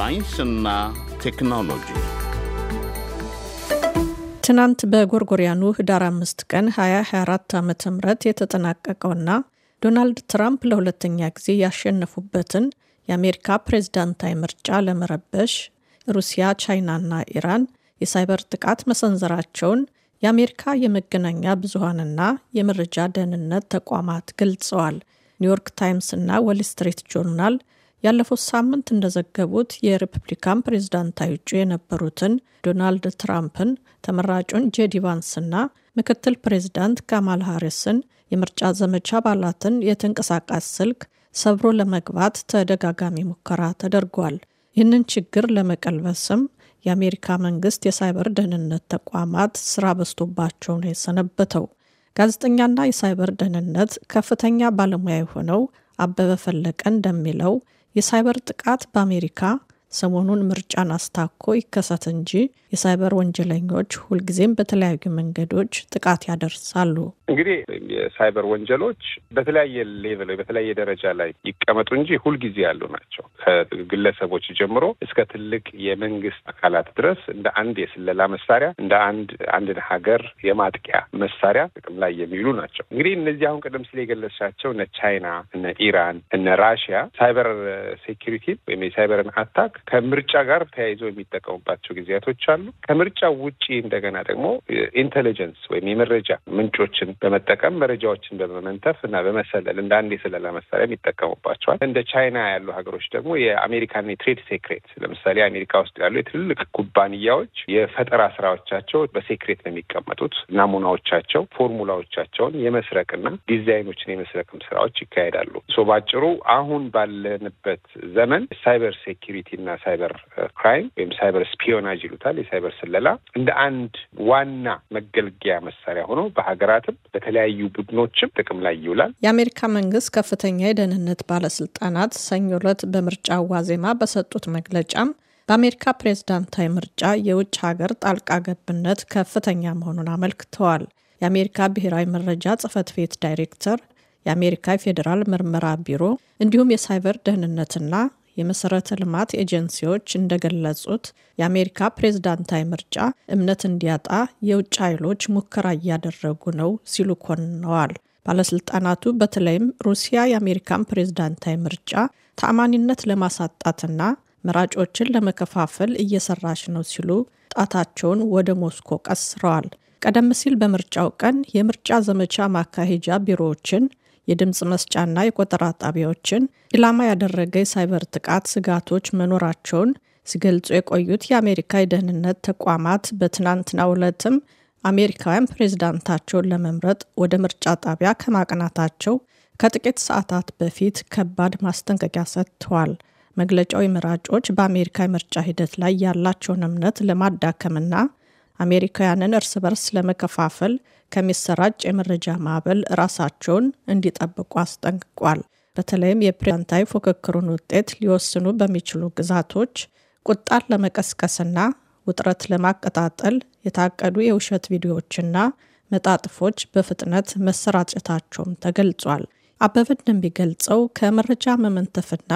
ሳይንስና ቴክኖሎጂ ትናንት በጎርጎሪያኑ ህዳር 5 ቀን 2024 ዓ ም የተጠናቀቀውና ዶናልድ ትራምፕ ለሁለተኛ ጊዜ ያሸነፉበትን የአሜሪካ ፕሬዝዳንታዊ ምርጫ ለመረበሽ ሩሲያ፣ ቻይናና ኢራን የሳይበር ጥቃት መሰንዘራቸውን የአሜሪካ የመገናኛ ብዙኃንና የመረጃ ደህንነት ተቋማት ገልጸዋል። ኒውዮርክ ታይምስ እና ወል ስትሪት ጆርናል ያለፈው ሳምንት እንደዘገቡት የሪፐብሊካን ፕሬዝዳንታዊ እጩ የነበሩትን ዶናልድ ትራምፕን፣ ተመራጩን ጄዲ ቫንስና ምክትል ፕሬዝዳንት ካማል ሃሪስን የምርጫ ዘመቻ አባላትን የተንቀሳቃሽ ስልክ ሰብሮ ለመግባት ተደጋጋሚ ሙከራ ተደርጓል። ይህንን ችግር ለመቀልበስም የአሜሪካ መንግስት የሳይበር ደህንነት ተቋማት ስራ በዝቶባቸው ነው የሰነበተው። ጋዜጠኛና የሳይበር ደህንነት ከፍተኛ ባለሙያ የሆነው አበበ ፈለቀ እንደሚለው የሳይበር ጥቃት በአሜሪካ ሰሞኑን ምርጫን አስታኮ ይከሰት እንጂ የሳይበር ወንጀለኞች ሁልጊዜም በተለያዩ መንገዶች ጥቃት ያደርሳሉ። እንግዲህ የሳይበር ወንጀሎች በተለያየ ሌቭል በተለያየ ደረጃ ላይ ይቀመጡ እንጂ ሁልጊዜ ያሉ ናቸው። ከግለሰቦች ጀምሮ እስከ ትልቅ የመንግስት አካላት ድረስ እንደ አንድ የስለላ መሳሪያ፣ እንደ አንድ አንድን ሀገር የማጥቂያ መሳሪያ ጥቅም ላይ የሚውሉ ናቸው። እንግዲህ እነዚህ አሁን ቀደም ሲል የገለጻቸው እነ ቻይና፣ እነ ኢራን፣ እነ ራሽያ ሳይበር ሴኪሪቲ ወይም የሳይበርን አታክ ከምርጫ ጋር ተያይዘው የሚጠቀሙባቸው ጊዜያቶች አሉ። ከምርጫ ውጪ እንደገና ደግሞ ኢንቴሊጀንስ ወይም የመረጃ ምንጮችን በመጠቀም መረጃዎችን በመመንተፍ እና በመሰለል እንደ አንድ የስለላ መሳሪያም ይጠቀሙባቸዋል። እንደ ቻይና ያሉ ሀገሮች ደግሞ የአሜሪካን የትሬድ ሴክሬት ለምሳሌ አሜሪካ ውስጥ ያሉ የትልልቅ ኩባንያዎች የፈጠራ ስራዎቻቸው በሴክሬት ነው የሚቀመጡት። ናሙናዎቻቸው፣ ፎርሙላዎቻቸውን የመስረቅና ዲዛይኖችን የመስረቅም ስራዎች ይካሄዳሉ። ሶ ባጭሩ አሁን ባለንበት ዘመን ሳይበር ሴኪሪቲ እና እና ሳይበር ክራይም ወይም ሳይበር ስፒዮናጅ ይሉታል፣ የሳይበር ስለላ እንደ አንድ ዋና መገልገያ መሳሪያ ሆኖ በሀገራትም በተለያዩ ቡድኖችም ጥቅም ላይ ይውላል። የአሜሪካ መንግስት ከፍተኛ የደህንነት ባለስልጣናት ሰኞ ዕለት በምርጫ ዋዜማ በሰጡት መግለጫም በአሜሪካ ፕሬዝዳንታዊ ምርጫ የውጭ ሀገር ጣልቃ ገብነት ከፍተኛ መሆኑን አመልክተዋል። የአሜሪካ ብሔራዊ መረጃ ጽህፈት ቤት ዳይሬክተር የአሜሪካ ፌዴራል ምርመራ ቢሮ እንዲሁም የሳይበር ደህንነትና የመሰረተ ልማት ኤጀንሲዎች እንደገለጹት የአሜሪካ ፕሬዝዳንታዊ ምርጫ እምነት እንዲያጣ የውጭ ኃይሎች ሙከራ እያደረጉ ነው ሲሉ ኮንነዋል። ባለስልጣናቱ በተለይም ሩሲያ የአሜሪካን ፕሬዝዳንታዊ ምርጫ ተአማኒነት ለማሳጣትና መራጮችን ለመከፋፈል እየሰራች ነው ሲሉ ጣታቸውን ወደ ሞስኮ ቀስረዋል። ቀደም ሲል በምርጫው ቀን የምርጫ ዘመቻ ማካሄጃ ቢሮዎችን የድምፅ መስጫና የቆጠራ ጣቢያዎችን ኢላማ ያደረገ የሳይበር ጥቃት ስጋቶች መኖራቸውን ሲገልጹ የቆዩት የአሜሪካ የደህንነት ተቋማት በትናንትናው ዕለትም አሜሪካውያን ፕሬዝዳንታቸውን ለመምረጥ ወደ ምርጫ ጣቢያ ከማቅናታቸው ከጥቂት ሰዓታት በፊት ከባድ ማስጠንቀቂያ ሰጥተዋል። መግለጫው የመራጮች በአሜሪካ የምርጫ ሂደት ላይ ያላቸውን እምነት ለማዳከምና አሜሪካውያንን እርስ በርስ ለመከፋፈል ከሚሰራጭ የመረጃ ማዕበል ራሳቸውን እንዲጠብቁ አስጠንቅቋል። በተለይም የፕሬዝዳንታዊ ፉክክሩን ውጤት ሊወስኑ በሚችሉ ግዛቶች ቁጣን ለመቀስቀስና ውጥረት ለማቀጣጠል የታቀዱ የውሸት ቪዲዮዎችና መጣጥፎች በፍጥነት መሰራጨታቸውም ተገልጿል። አበበ እንደሚገልጸው ከመረጃ መመንተፍና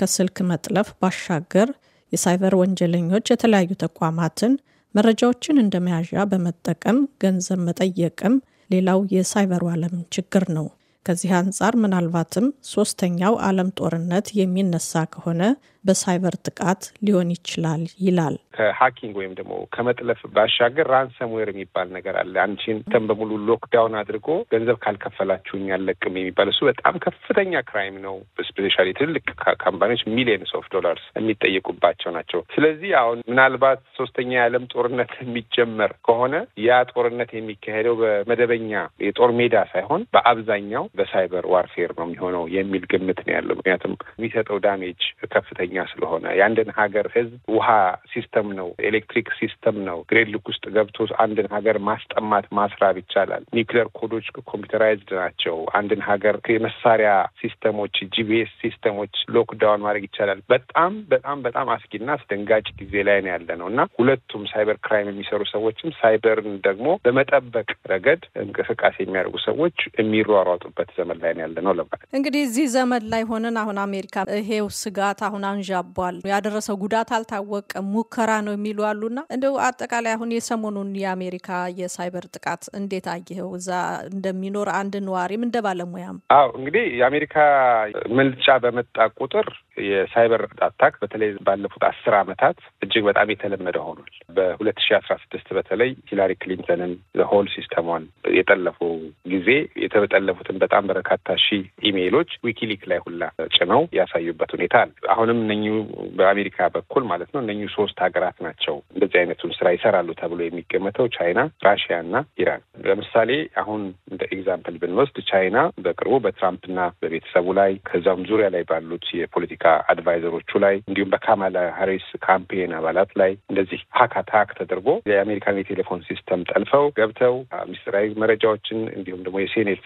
ከስልክ መጥለፍ ባሻገር የሳይበር ወንጀለኞች የተለያዩ ተቋማትን መረጃዎችን እንደ መያዣ በመጠቀም ገንዘብ መጠየቅም ሌላው የሳይበሩ ዓለም ችግር ነው። ከዚህ አንጻር ምናልባትም ሶስተኛው ዓለም ጦርነት የሚነሳ ከሆነ በሳይበር ጥቃት ሊሆን ይችላል ይላል። ከሀኪንግ ወይም ደግሞ ከመጥለፍ ባሻገር ራንሰምዌር የሚባል ነገር አለ። አንቺን ተን በሙሉ ሎክዳውን አድርጎ ገንዘብ ካልከፈላችሁኝ አለቅም የሚባል እሱ በጣም ከፍተኛ ክራይም ነው። ስፔሻሊ ትልልቅ ካምፓኒዎች ሚሊየንስ ኦፍ ዶላርስ የሚጠየቁባቸው ናቸው። ስለዚህ አሁን ምናልባት ሶስተኛ የዓለም ጦርነት የሚጀመር ከሆነ ያ ጦርነት የሚካሄደው በመደበኛ የጦር ሜዳ ሳይሆን በአብዛኛው በሳይበር ዋርፌር ነው የሚሆነው የሚል ግምት ነው ያለው። ምክንያቱም የሚሰጠው ዳሜጅ ከፍተኛ ኃይለኛ ስለሆነ የአንድን ሀገር ህዝብ ውሃ ሲስተም ነው፣ ኤሌክትሪክ ሲስተም ነው። ልክ ውስጥ ገብቶ አንድን ሀገር ማስጠማት ማስራብ ይቻላል። ኒውክሌር ኮዶች ኮምፒውተራይዝድ ናቸው። አንድን ሀገር የመሳሪያ ሲስተሞች፣ ጂፒኤስ ሲስተሞች ሎክዳውን ማድረግ ይቻላል። በጣም በጣም በጣም አስጊና አስደንጋጭ ጊዜ ላይ ነው ያለ ነው እና ሁለቱም ሳይበር ክራይም የሚሰሩ ሰዎችም ሳይበርን ደግሞ በመጠበቅ ረገድ እንቅስቃሴ የሚያደርጉ ሰዎች የሚሯሯጡበት ዘመን ላይ ነው ያለ ነው ለማለት እንግዲህ እዚህ ዘመን ላይ ሆነን አሁን አሜሪካ ይሄው ስጋት አሁን አንዣቧል። ያደረሰው ጉዳት አልታወቀም፣ ሙከራ ነው የሚሉ አሉና እንደው አጠቃላይ አሁን የሰሞኑን የአሜሪካ የሳይበር ጥቃት እንዴት አየኸው? እዛ እንደሚኖር አንድ ነዋሪም እንደ ባለሙያም። አዎ እንግዲህ የአሜሪካ ምልጫ በመጣ ቁጥር የሳይበር አታክ በተለይ ባለፉት አስር ዓመታት እጅግ በጣም የተለመደ ሆኗል። በሁለት ሺ አስራ ስድስት በተለይ ሂላሪ ክሊንተንን ዘሆል ሲስተሟን የጠለፉ ጊዜ የተጠለፉትን በጣም በርካታ ሺህ ኢሜይሎች ዊኪሊክ ላይ ሁላ ጭነው ያሳዩበት ሁኔታ አለ። አሁንም እነ በአሜሪካ በኩል ማለት ነው እነ ሶስት ሀገራት ናቸው እንደዚህ አይነቱን ስራ ይሰራሉ ተብሎ የሚገመተው ቻይና፣ ራሽያ እና ኢራን። ለምሳሌ አሁን እንደ ኤግዛምፕል ብንወስድ ቻይና በቅርቡ በትራምፕና በቤተሰቡ ላይ ከዛም ዙሪያ ላይ ባሉት የፖለቲካ የፖለቲካ አድቫይዘሮቹ ላይ እንዲሁም በካማላ ሀሪስ ካምፔን አባላት ላይ እንደዚህ ሀክ አታክ ተደርጎ የአሜሪካን የቴሌፎን ሲስተም ጠልፈው ገብተው ሚስጥራዊ መረጃዎችን እንዲሁም ደግሞ የሴኔት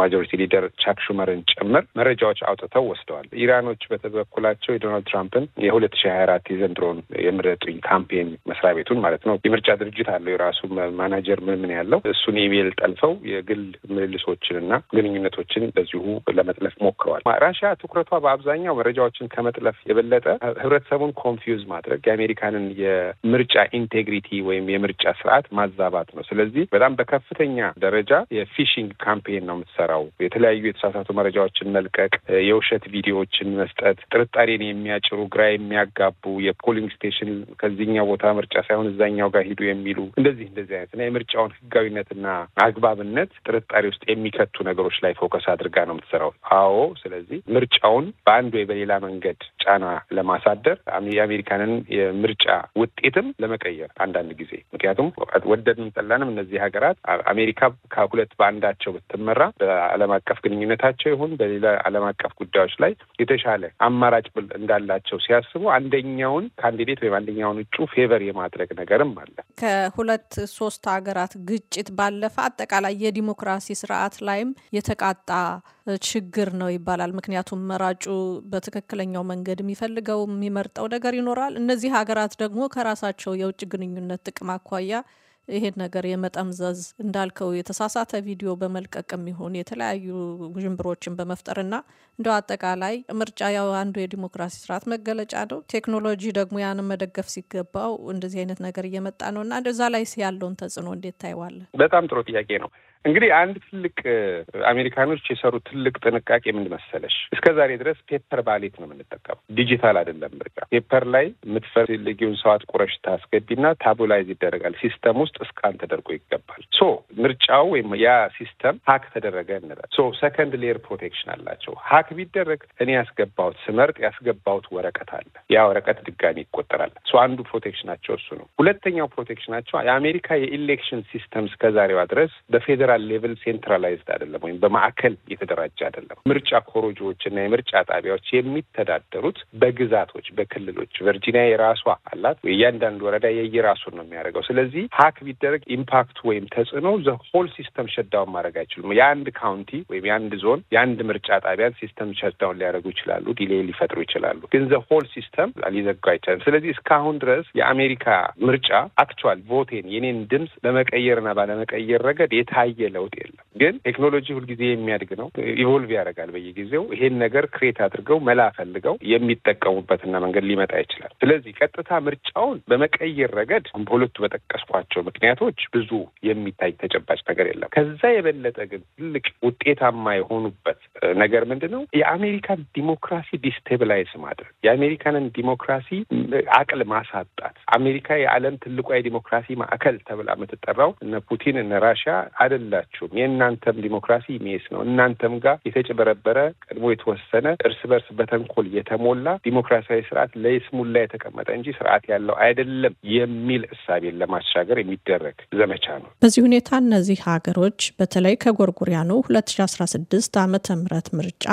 ማጆሪቲ ሊደር ቻክ ሹመርን ጭምር መረጃዎች አውጥተው ወስደዋል። ኢራኖች በበኩላቸው የዶናልድ ትራምፕን የሁለት ሺ ሀያ አራት የዘንድሮን የምረጡኝ ካምፔን መስሪያ ቤቱን ማለት ነው የምርጫ ድርጅት አለው የራሱ ማናጀር ምንምን ያለው እሱን ኢሜይል ጠልፈው የግል ምልልሶችንና ግንኙነቶችን በዚሁ ለመጥለፍ ሞክረዋል። ራሽያ ትኩረቷ በአብዛኛው መረጃዎች ሰዎችን ከመጥለፍ የበለጠ ህብረተሰቡን ኮንፊውዝ ማድረግ የአሜሪካንን የምርጫ ኢንቴግሪቲ ወይም የምርጫ ስርዓት ማዛባት ነው። ስለዚህ በጣም በከፍተኛ ደረጃ የፊሽንግ ካምፔን ነው የምትሰራው። የተለያዩ የተሳሳቱ መረጃዎችን መልቀቅ፣ የውሸት ቪዲዮዎችን መስጠት፣ ጥርጣሬን የሚያጭሩ ግራ የሚያጋቡ የፖሊንግ ስቴሽን ከዚህኛው ቦታ ምርጫ ሳይሆን እዛኛው ጋር ሂዱ የሚሉ እንደዚህ እንደዚህ አይነትና የምርጫውን ህጋዊነትና አግባብነት ጥርጣሬ ውስጥ የሚከቱ ነገሮች ላይ ፎከስ አድርጋ ነው የምትሰራው። አዎ። ስለዚህ ምርጫውን በአንድ ወይ በሌላ መንገድ ጫና ለማሳደር የአሜሪካንን የምርጫ ውጤትም ለመቀየር አንዳንድ ጊዜ ምክንያቱም ወደድንም ጠላንም እነዚህ ሀገራት አሜሪካ ከሁለት በአንዳቸው ብትመራ በዓለም አቀፍ ግንኙነታቸው ይሁን በሌላ ዓለም አቀፍ ጉዳዮች ላይ የተሻለ አማራጭ እንዳላቸው ሲያስቡ አንደኛውን ካንዲዴት ወይም አንደኛውን እጩ ፌቨር የማድረግ ነገርም አለ። ከሁለት ሶስት ሀገራት ግጭት ባለፈ አጠቃላይ የዲሞክራሲ ስርዓት ላይም የተቃጣ ችግር ነው ይባላል። ምክንያቱም መራጩ በትክክለኛው መንገድ የሚፈልገው የሚመርጠው ነገር ይኖራል። እነዚህ ሀገራት ደግሞ ከራሳቸው የውጭ ግንኙነት ጥቅም አኳያ ይሄን ነገር የመጠምዘዝ እንዳልከው የተሳሳተ ቪዲዮ በመልቀቅ የሚሆን የተለያዩ ውዥንብሮችን በመፍጠርና እንደ አጠቃላይ ምርጫ ያው አንዱ የዲሞክራሲ ስርዓት መገለጫ ነው። ቴክኖሎጂ ደግሞ ያንን መደገፍ ሲገባው እንደዚህ አይነት ነገር እየመጣ ነው እና እንደዛ ላይ ያለውን ተጽዕኖ እንዴት ታይዋለን? በጣም ጥሩ ጥያቄ ነው። እንግዲህ አንድ ትልቅ አሜሪካኖች የሰሩት ትልቅ ጥንቃቄ ምን መሰለሽ፣ እስከ ዛሬ ድረስ ፔፐር ባሌት ነው የምንጠቀመው፣ ዲጂታል አይደለም። ምርጫ ፔፐር ላይ የምትፈልጊውን ሰዋት ቁረሽ ታስገቢና ታቡላይዝ ይደረጋል። ሲስተም ውስጥ እስካን ተደርጎ ይገባል። ሶ ምርጫው ወይም ያ ሲስተም ሀክ ተደረገ እንላል። ሶ ሰከንድ ሌየር ፕሮቴክሽን አላቸው። ሀክ ቢደረግ እኔ ያስገባሁት ስመርጥ ያስገባሁት ወረቀት አለ። ያ ወረቀት ድጋሚ ይቆጠራል። ሶ አንዱ ፕሮቴክሽናቸው እሱ ነው። ሁለተኛው ፕሮቴክሽናቸው የአሜሪካ የኢሌክሽን ሲስተም እስከዛሬዋ ድረስ በፌዴራል በፌዴራል ሌቭል ሴንትራላይዝድ አይደለም ወይም በማዕከል የተደራጀ አይደለም። ምርጫ ኮሮጆዎች እና የምርጫ ጣቢያዎች የሚተዳደሩት በግዛቶች በክልሎች፣ ቨርጂኒያ የራሷ አላት። እያንዳንዱ ወረዳ የየራሱን ነው የሚያደርገው። ስለዚህ ሀክ ቢደረግ ኢምፓክቱ ወይም ተጽዕኖ ሆል ሲስተም ሸዳውን ማድረግ አይችሉም። የአንድ ካውንቲ ወይም የአንድ ዞን የአንድ ምርጫ ጣቢያን ሲስተም ሸዳውን ሊያደርጉ ይችላሉ፣ ዲሌ ሊፈጥሩ ይችላሉ። ግን ዘ ሆል ሲስተም ሊዘጉ አይቻልም። ስለዚህ እስካሁን ድረስ የአሜሪካ ምርጫ አክቹዋል ቮቴን የኔን ድምፅ በመቀየርና ባለመቀየር ረገድ የታየ la ግን ቴክኖሎጂ ሁልጊዜ የሚያድግ ነው፣ ኢቮልቭ ያደርጋል በየጊዜው። ይሄን ነገር ክሬት አድርገው መላ ፈልገው የሚጠቀሙበትና መንገድ ሊመጣ ይችላል። ስለዚህ ቀጥታ ምርጫውን በመቀየር ረገድ በሁለቱ በጠቀስኳቸው ምክንያቶች ብዙ የሚታይ ተጨባጭ ነገር የለም። ከዛ የበለጠ ግን ትልቅ ውጤታማ የሆኑበት ነገር ምንድን ነው? የአሜሪካን ዲሞክራሲ ዲስቴብላይዝ ማድረግ፣ የአሜሪካንን ዲሞክራሲ አቅል ማሳጣት። አሜሪካ የዓለም ትልቋ የዲሞክራሲ ማዕከል ተብላ የምትጠራው እነ ፑቲን እነ ራሽያ አይደላችሁም የና የእናንተም ዲሞክራሲ ሜስ ነው። እናንተም ጋር የተጨበረበረ ቀድሞ የተወሰነ እርስ በርስ በተንኮል የተሞላ ዲሞክራሲያዊ ስርዓት ለይስሙላ የተቀመጠ እንጂ ስርዓት ያለው አይደለም የሚል እሳቤን ለማሻገር የሚደረግ ዘመቻ ነው። በዚህ ሁኔታ እነዚህ ሀገሮች በተለይ ከጎርጎሪያኑ 2016 ዓመተ ምህረት ምርጫ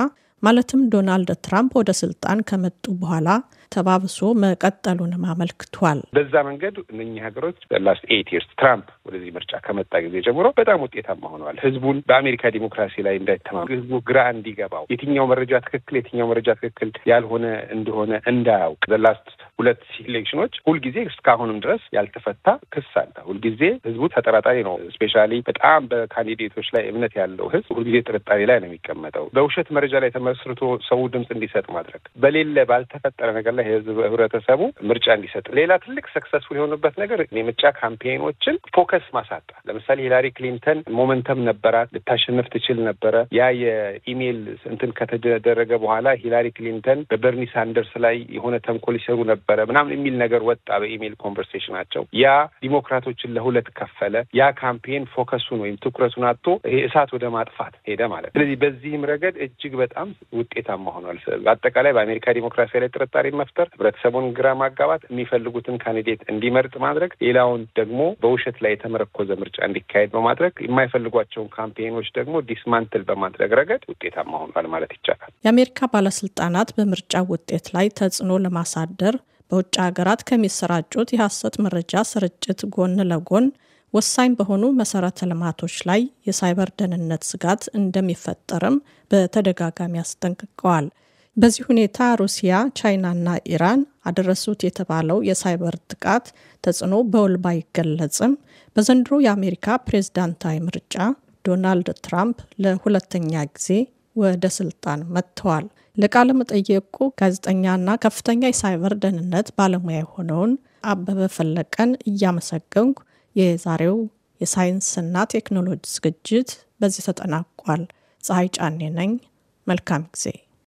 ማለትም ዶናልድ ትራምፕ ወደ ስልጣን ከመጡ በኋላ ተባብሶ መቀጠሉንም አመልክቷል። በዛ መንገድ እነኚህ ሀገሮች ላስት ኤት ይርስ ትራምፕ ወደዚህ ምርጫ ከመጣ ጊዜ ጀምሮ በጣም ውጤታማ ሆነዋል። ህዝቡን በአሜሪካ ዲሞክራሲ ላይ እንዳይተማ ህዝቡ ግራ እንዲገባው፣ የትኛው መረጃ ትክክል የትኛው መረጃ ትክክል ያልሆነ እንደሆነ እንዳያውቅ በላስት ሁለት ኢሌክሽኖች ሁልጊዜ እስካሁንም ድረስ ያልተፈታ ክስ አለ። ሁልጊዜ ህዝቡ ተጠራጣሪ ነው። ስፔሻሊ በጣም በካንዲዴቶች ላይ እምነት ያለው ህዝብ ሁልጊዜ ጥርጣሬ ላይ ነው የሚቀመጠው። በውሸት መረጃ ላይ ተመስርቶ ሰው ድምፅ እንዲሰጥ ማድረግ በሌለ ባልተፈጠረ ነገር ላይ ህዝብ ህብረተሰቡ ምርጫ እንዲሰጥ። ሌላ ትልቅ ሰክሰስፉል የሆኑበት ነገር የምርጫ ካምፔኖችን ፎከስ ማሳጣ ለምሳሌ ሂላሪ ክሊንተን ሞመንተም ነበራት፣ ልታሸንፍ ትችል ነበረ። ያ የኢሜይል እንትን ከተደረገ በኋላ ሂላሪ ክሊንተን በበርኒ ሳንደርስ ላይ የሆነ ተንኮል ይሰሩ ነበረ ምናምን የሚል ነገር ወጣ በኢሜይል ኮንቨርሴሽናቸው። ያ ዲሞክራቶችን ለሁለት ከፈለ። ያ ካምፔን ፎከሱን ወይም ትኩረቱን አጥቶ ይሄ እሳት ወደ ማጥፋት ሄደ ማለት ስለዚህ በዚህም ረገድ እጅግ በጣም ውጤታማ ሆኗል። በአጠቃላይ በአሜሪካ ዲሞክራሲያ ላይ ጥርጣሬ መፍ መፍጠር፣ ህብረተሰቡን ግራ ማጋባት፣ የሚፈልጉትን ካንዲዴት እንዲመርጥ ማድረግ፣ ሌላውን ደግሞ በውሸት ላይ የተመረኮዘ ምርጫ እንዲካሄድ በማድረግ የማይፈልጓቸውን ካምፔኖች ደግሞ ዲስማንትል በማድረግ ረገድ ውጤታማ ሆኗል ማለት ይቻላል። የአሜሪካ ባለስልጣናት በምርጫ ውጤት ላይ ተጽዕኖ ለማሳደር በውጭ ሀገራት ከሚሰራጩት የሐሰት መረጃ ስርጭት ጎን ለጎን ወሳኝ በሆኑ መሰረተ ልማቶች ላይ የሳይበር ደህንነት ስጋት እንደሚፈጠርም በተደጋጋሚ አስጠንቅቀዋል። በዚህ ሁኔታ ሩሲያ፣ ቻይናና ኢራን አደረሱት የተባለው የሳይበር ጥቃት ተጽዕኖ በውል ባይገለጽም በዘንድሮ የአሜሪካ ፕሬዝዳንታዊ ምርጫ ዶናልድ ትራምፕ ለሁለተኛ ጊዜ ወደ ስልጣን መጥተዋል። ለቃለ መጠየቁ ጋዜጠኛና ከፍተኛ የሳይበር ደህንነት ባለሙያ የሆነውን አበበ ፈለቀን እያመሰገንኩ የዛሬው የሳይንስና ቴክኖሎጂ ዝግጅት በዚህ ተጠናቋል። ፀሐይ ጫኔ ነኝ። መልካም ጊዜ